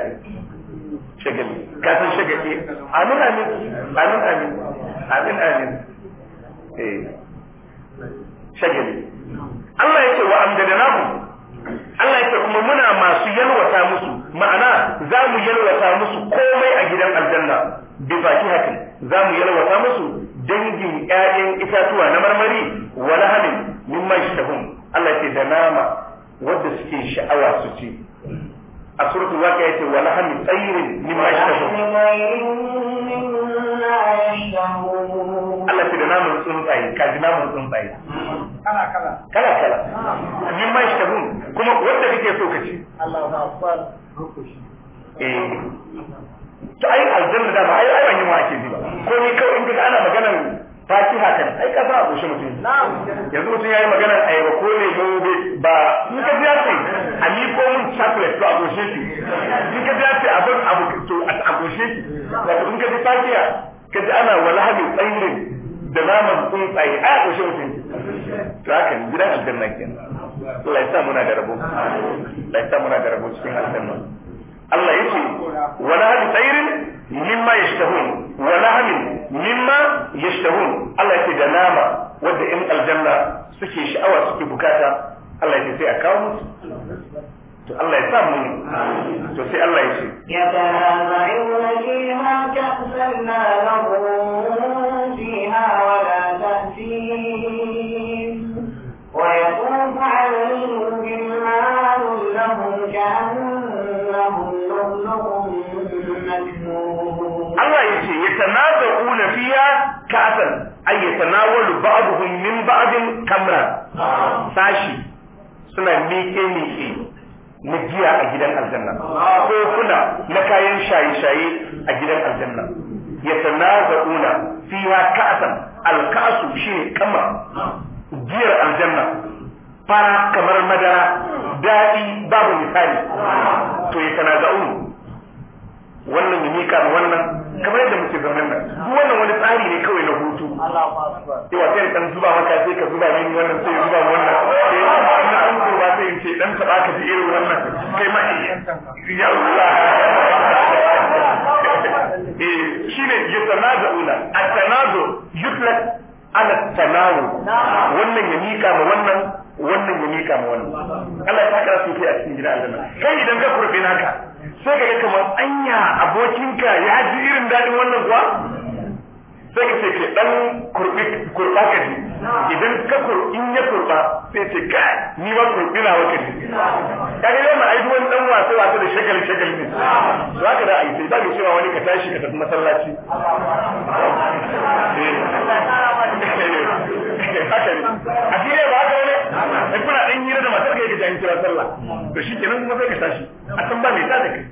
shagali ka san shagali amin amin amin amin amin amin eh shagali Allah yake wa amdadnahu Allah yake kuma muna masu yalwata musu ma'ana za mu yalwata musu komai a gidan aljanna bi fatihatin za mu yalwata musu dangin ƴaƴan itatuwa na marmari wa lahamin mimma yashtahun Allah yake da nama wanda suke sha'awa su ci a suratul waqi'a yace wa lahamin tayrin mimma yashtahun Allah ce da namun tsuntsaye kaji namun tsuntsaye mm. kala kala kala kala ah. min mai shabun kuma wanda kake so ka ci Allahu akbar eh to ai aljanna da ba ai ai wani wake ji ba ko ni kawai in ga ana maganar Fatiha kan ai ka ba goshi mutum yanzu mutum yayi ba ko ne gobe ba in ka ji ce a mi ko mun chocolate to a ba shi in ka ji ce abin abu to a ba shi wato in ka ji Fatiha ka ji ana walhali da naman tsuntsaye a goshe mutum to haka gidan aljanna kenan Allah ya sa muna da rabo Allah ya sa muna da rabo cikin aljanna Allah ya ce wa lahmi tayrin mimma yashtahun wa lahmi mimma yashtahun Allah ya ce da nama wanda in aljanna suke sha'awa suke bukata Allah ya ce sai a kawo musu to Allah ya sa mu to sai Allah ya ce ya tabayyana fiha ka'san la lahum fiha wa la Allah ya ce, Ya tana da ƙuna fiya ka asan, ai, ya tana wani ba'ad hunnin ba'adin kamra, sashi suna mike mike na giya a gidan aljanna, ko kuna na kayan shaye-shaye a gidan aljanna. Ya tana da ƙuna fiya ka asan, alka'asu shi kama giyar aljanna. fara kamar madara daɗi babu misali to ya tana ga wannan ya mika ma wannan kamar yadda muke zaman nan wannan wani tsari ne kawai na hutu yawa sai dan zuba maka sai ka zuba mini wannan sai ya zuba wannan sai ina an ko ba sai in ce dan taɓa ka fi irin wannan kai ma ya Allah eh, eh shine ya tanaza'una A tanazu yutlaq ala ana tanawu wannan ya mika ma wannan wannan ya mika ma wannan Allah ya saka su a cikin gidan aljanna kai idan ka kurbe naka sai ka ga kamar anya abokinka ya ji irin dadin wannan kuwa sai ka ce ke dan kurbi kurba ka ji idan ka in ya kurba sai ce ka ni ba kurbi na waka ji ka ga yamma ai wani dan wasa wasa da shagali shagali ne za haka da ai sai ba ka cewa wani ka tashi ka tafi masallaci eh. ne haka ne a shi ne ba haka ne in kuna ɗan hira da matar ka yake jan kira sallah to shi kenan kuma sai ka tashi a san ba mai ta da kai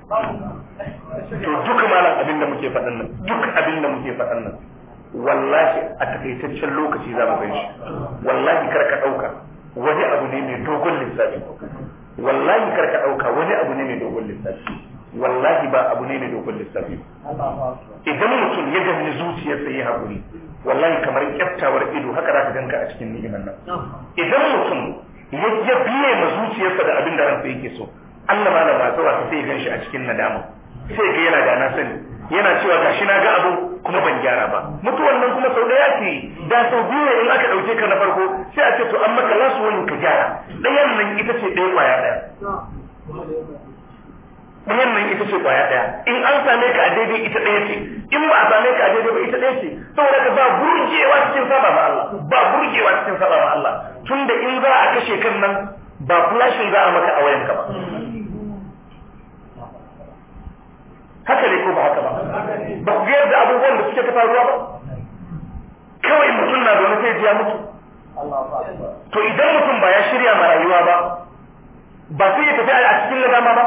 to duka malam abin da muke faɗan nan duk abin da muke faɗan nan wallahi a takaitaccen lokaci za mu shi wallahi kar ka ɗauka wani abu ne mai dogon lissafi wallahi kar ka ɗauka wani abu ne mai dogon lissafi wallahi ba abu ne mai dogon lissafi idan mutum ya gani zuciyarsa ya haƙuri wallahi kamar kyaftawar ido haka za ka ganka a cikin ni'imar nan idan mutum ya biye ma zuciyarsa da abin da ransa yake so Allah ma ba ta ta sai gan shi a cikin nadama sai ga yana da na sani yana cewa gashi na ga abu kuma ban gyara ba mutuwan nan kuma sau daya ce da sau biyu in aka dauke ka na farko sai a ce to an maka lasu wani ka gyara ɗayan nan ita ce ɗaya kwaya ɗaya ɗayan ita ce kwaya ɗaya in an same ka a daidai ita ɗaya ce in ba a same ka a daidai ba ita ɗaya ce saboda ka ba burgewa cikin saba ma Allah ba burgewa cikin saba ma Allah tunda in za a kashe kan nan ba flashin za a maka a wayanka ba haka ne ko ba haka ba ba ku ga yadda abubuwan da suke ta faruwa ba kawai mutum na zaune sai ya mutu to idan mutum ba ya shirya ma rayuwa ba ba sai ya tafi a cikin nadama ba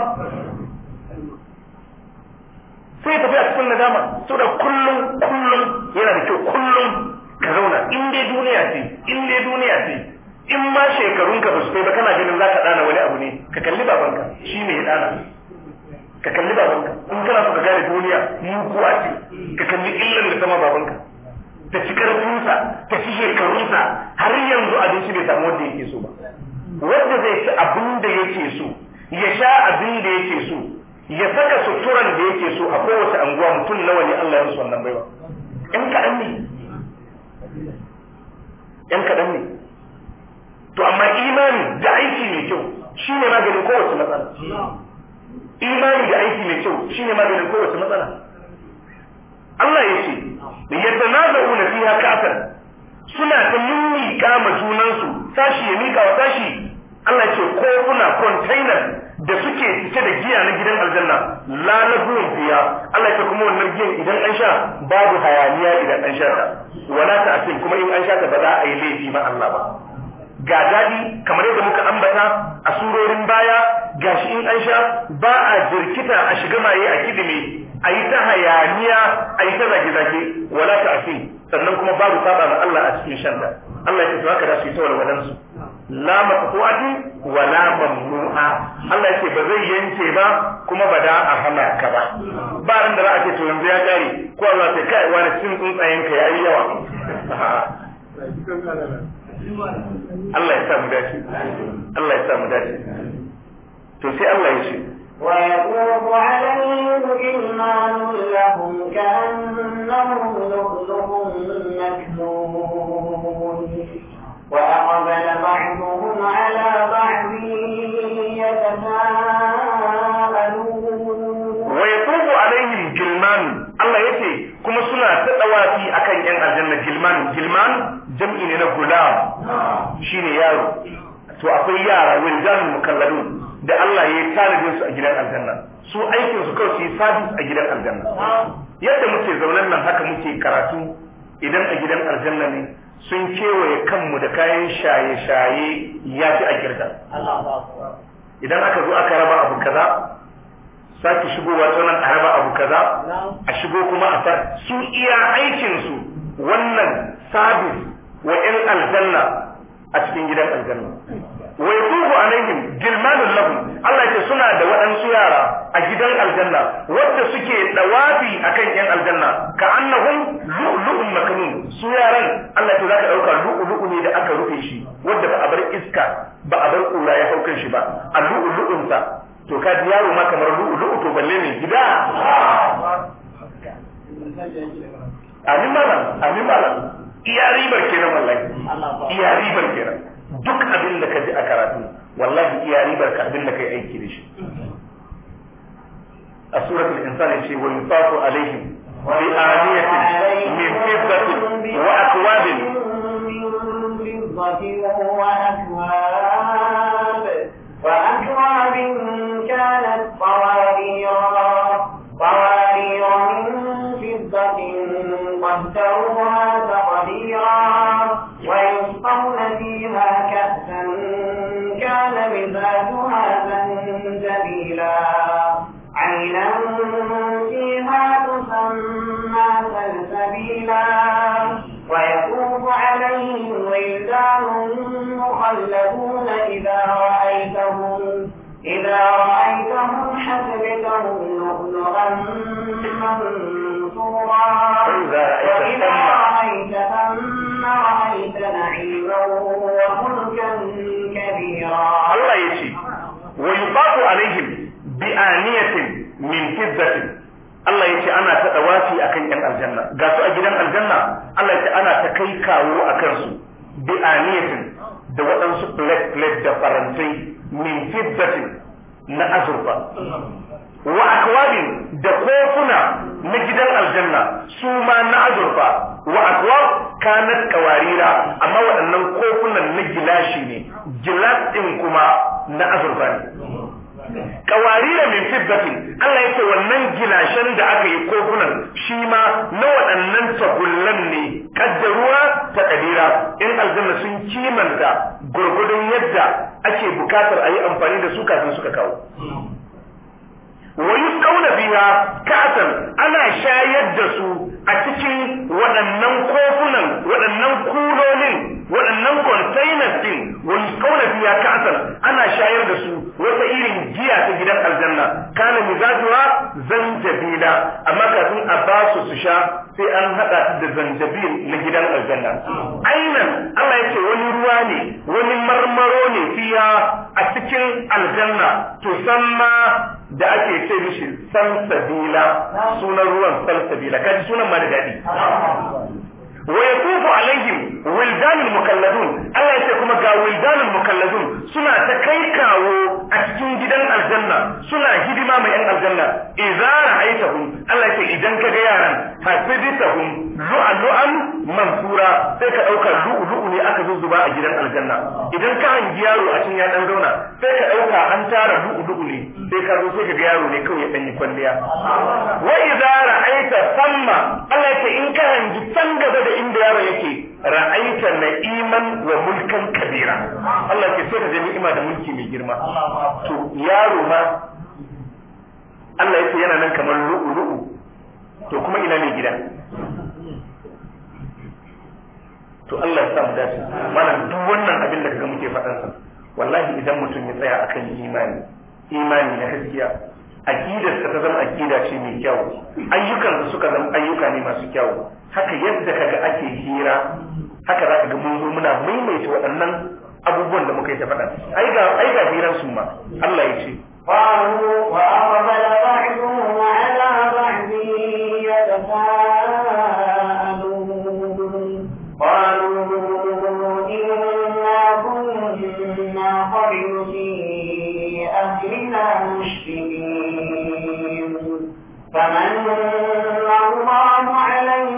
sai tafi a cikin nadama da kullum kullum yana da kyau kullum ka zauna in dai duniya ce in dai duniya ce in ma shekarun ka basu kai ba kana ganin zaka dana wani abu ne ka kalli babanka shi ne ya dana ka kalli babanka in kana so ka gane duniya kuwa ce ka kalli illan da sama babanka ta ci karfinsa ta ci shekarunsa har yanzu abinci bai samu wanda yake so ba wanda zai ci abin da yake so ya sha abin da yake so ya saka suturan da yake so a kowace anguwa mutum nawa ne Allah ya musu wannan baiwa yan kaɗan ne yan kaɗan ne to amma imani da aiki mai kyau shi ne maganin kowace matsala imani da aiki mai kyau shi ne maganin kowace matsala Allah ya ce yadda na zaune fiha kafir suna ta mimmiƙa ma junansu sashi ya miƙa wa sashi Allah ce ko kuna container da suke cike da giya na gidan aljanna la lahum biya Allah ya kuma wannan giyan idan an sha babu hayaniya idan an sha ta wala ta'asin kuma in an sha ta ba za a yi laifi ma Allah ba ga daɗi kamar yadda muka ambata a surorin baya gashi in an sha ba a jirkita a shiga maye a kidime a yi ta hayaniya a yi ta zage-zage wala ta sannan kuma babu saba ma Allah a cikin shan da Allah ya kuma haka da su yi ta walwalansu la maqtu'ati wa la mamnu'a Allah yake ba zai yanke ba kuma ba da a hana ka ba ba ran da za a ce to yanzu ya kare ko Allah sai kai wani cin tsuntsayen ka yayi yawa Allah ya samu ويطوف عليهم لهم كأنهم لؤلؤ مكنون وأقبل بعضهم على بعض يتساءلون ويطوف عليهم جلمان الله يتي كما سنة تتوافي أكن ين الجنة جلمان جلمان جمعي لنا غلام شيني يارو to akwai yara wildan mukalladun da Allah ya tanadin su a gidan aljanna su aikin su kawai su yi sabis a gidan aljanna yadda muke zaunan nan haka muke karatu idan a gidan aljanna ne sun kewaye kanmu da kayan shaye-shaye ya fi a girka. Idan aka zo aka raba abu kaza, sake shigowa ta nan a raba abu kaza, a shigo kuma a tar. Su iya aikinsu wannan sabis wa ‘yan aljanna a cikin gidan aljanna. Wai wa yaqubu alaihim gilmanul lahum Allah ya ce suna da waɗansu yara a gidan aljanna wanda suke dawafi akan yan aljanna ka annahum lu'lu'un makanun su yaran Allah ya ce zaka dauka lu'lu'u ne da aka rufe shi wadda ba a bar iska ba a bar ƙura ya haukan shi ba a lu'lu'un sa to ka ji yaro ma kamar lu'lu'u to balle ne gida amin malam amin malam iya ribar kenan wallahi iya ribar kenan duk abin da ka ji a karatu wallahi iya ribar ka abin da kai aiki da shi a suratul insani ce wa yusafu alaihim bi aniyatin min fiddati wa aqwabin وأكواب كانت قوارير قوارير من وقدروها تقديرا ويسقون فيها كأسا كان مزاجها زنجبيلا عينا فيها تسمى سلسبيلا ويطوف عليهم ولدان مخلدون إذا رأيتهم إذا رأيتهم حسبتهم مبلغا منصورا وإذا رأيت ثم رأيت نعيما وملكا كبيرا الله يشي ويطاف عليهم بآنية من فضة Allah ya ce ana ta dawafi akan ‘yan aljanna, ga su a gidan aljanna, Allah ya ce ana ta kai kawo a kansu, bi aniyatin da waɗansu plate-plate da farantai min fiddatin na azurba wa akwabin da kofuna na gidan aljanna su ma na azurfa wa akwab kanat kawarira amma waɗannan kofunan na gilashi ne gilas ɗin kuma na azurfa ne kawarira min fiddatin Allah yake wannan gilashen da aka yi kofunan shi ma na waɗannan tagullan ne kaddaruwa ta kadira in aljanna sun kimanta gurgudun yadda ake bukatar a yi amfani da su kafin suka kawo Wani kauna biya ka'san ana shayar da su a cikin waɗannan kofunan waɗannan kulolin waɗannan containers ɗin wani kauna fiya ka'asar ana shayar da su wata irin giya ta gidan aljanna kana mizajuwa zanjabila amma kafin a ba su su sha sai an haɗa da zanjabil na gidan aljanna ainan Allah ce wani ruwa ne wani marmaro ne fiya a cikin aljanna to samma da ake ce mishi salsabila sunan ruwan salsabila kaji sunan ma da daɗi wa yatufu alaihim wildanul mukallafun Allah ya ce kuma ga wildanul mukallafun suna ta kai kawo a cikin gidan aljanna suna hidima mai yan aljanna idza ra'aytahum Allah yake idan ka ga yaran hasibtahum lu'an lu'an mansura sai ka dauka lu'lu'u ne aka zuzuba a gidan aljanna idan ka hangi yaro a cikin ya dan zauna sai ka dauka an tara lu'lu'u ne sai ka zo sai ka ga yaro ne kawai ya danyi kwalliya wa idza ra'ayta samma Allah yake in ka hangi san gaba da inda yaro yake ra'aita na'iman wa mulkan kabira Allah ke sai ka je ni'ima da mulki mai girma to yaro ma Allah yake yana nan kamar ru'u to kuma ina ne gida to Allah ya sa mu dace mana duk wannan abin da kaga muke faɗan sa wallahi idan mutum ya tsaya akan imani imani na gaskiya akidar ta zama akida ce mai kyau ayyukan suka zama ayyuka ne masu kyau haka yadda kaga ake hira haka za ka ga mun zo muna maimaita waɗannan abubuwan da muka yi ta faɗa ai ga ai ga hiran su ma Allah ya ce qalu wa ba'dhum ala الغضبان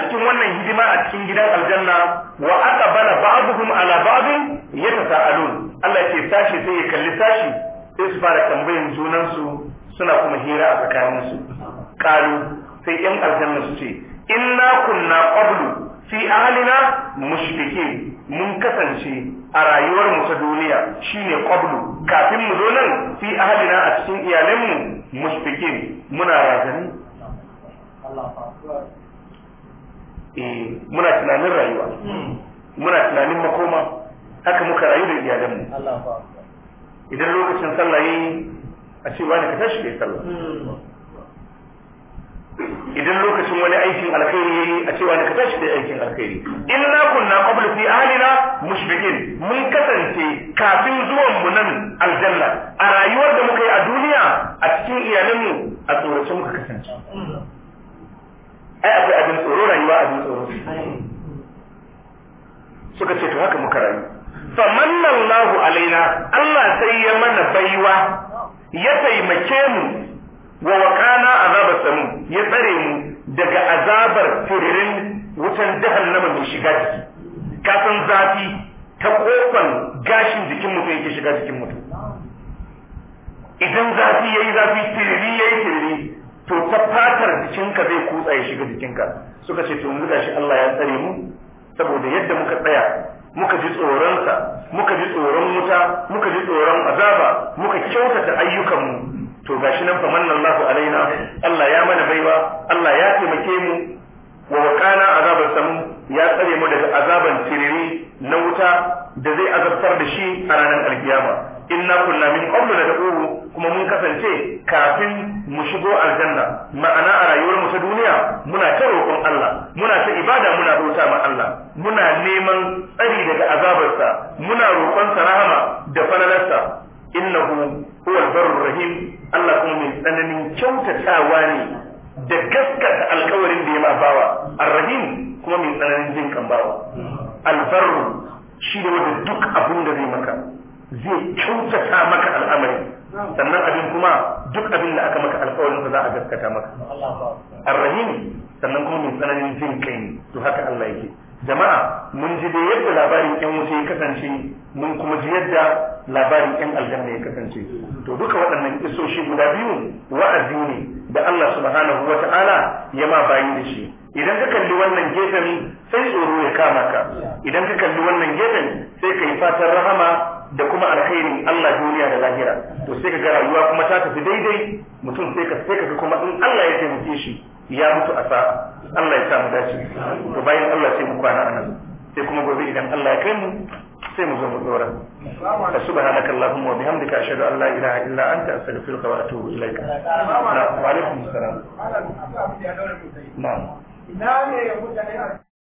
cikin wannan hidima a cikin gidan aljanna wa aqbala ba'dhum ala ba'd yatasaalun Allah ce sashi sai ya kalli sashi sai su fara tambayin suna kuma hira a tsakaninsu kalu sai yan aljanna su ce inna kunna qablu fi ahlina mushrikin mun kasance a rayuwar mu ta duniya shine qablu kafin mu zo nan fi ahlina a cikin mu mushrikin muna razani eh, muna tunanin rayuwa muna tunanin makoma haka muka rayu da mu, idan lokacin sallah yayi a ce wani ka tashi kai sallah hmm. idan lokacin wani aikin alkhairi yayi a cewa ka tashi da aikin alkhairi inna kunna qablu fi ahlina mushfiqin mun kasance kafin zuwan mu nan aljanna a rayuwar da muka yi a duniya a cikin iyalanmu a tsorace muka kasance ai akwai abin tsoro rayuwa abin tsoro suka ce to haka muka rayu famanna Allahu alaina Allah sai ya mana baiwa ya taimake mu wa wakana azabar samu ya tsare mu daga azabar firirin wutan jahannama mai shiga jiki kasan zafi ta kofan gashin jikin mutum yake shiga jikin mutum idan zafi ya yi zafi firiri ya yi firiri to ta fatar jikinka zai kutsa ya shiga jikinka suka ce to mu shi Allah ya tsare mu saboda yadda muka tsaya muka ji tsoronsa muka ji tsoron wuta muka ji tsoron azaba muka kyautata ayyukanmu to shi nan famanna Allahu alaina Allah ya mana baiwa Allah ya taimake mu wa wakana azabar samu ya tsare mu daga azaban tiriri na wuta da zai azabtar da shi a ranar alkiyama inna kunna min qablu la da'uhu kuma mun kasance kafin mu shigo aljanna ma'ana a rayuwar mu ta duniya muna ta roƙon Allah muna ta ibada muna bauta ma Allah muna neman tsari daga azabarsa muna roƙon sa rahama da falalarsa innahu huwa barur rahim Allah kuma mai tsananin kyautatawa ne da gaskata alkawarin da ya ma bawa arrahim kuma mai tsananin jin kan bawa albarru shi da wanda duk abin da zai maka zai kyautata maka al'amari sannan abin kuma duk abin da aka maka alkawarin za a gaskata maka arrahim sannan kuma mai tsananin jin kai to haka Allah yake jama'a mun ji da yadda labarin yan wuce ya kasance mun kuma ji yadda labarin yan aljanna ya kasance to duka waɗannan isoshi guda biyu wa'azi ne da Allah subhanahu wa ta'ala ya ma bayi da shi idan ka kalli wannan gefen sai tsoro ya kama ka idan ka kalli wannan gefen sai ka yi fatan rahama da kuma alkhairin Allah duniya da lahira to sai ka ga rayuwa kuma ta tafi daidai mutum sai ka sai ka kuma in Allah ya taimake shi ya mutu a sa'a Allah ya sa mu dace to bayan Allah sai mu kwana anan sai kuma gobe idan Allah ya kai mu sai mu zo mu dora fa subhanaka allahumma wa bihamdika ashhadu an la ilaha illa anta astaghfiruka wa atubu ilaik wa alaikum assalam na'am ina ne mutane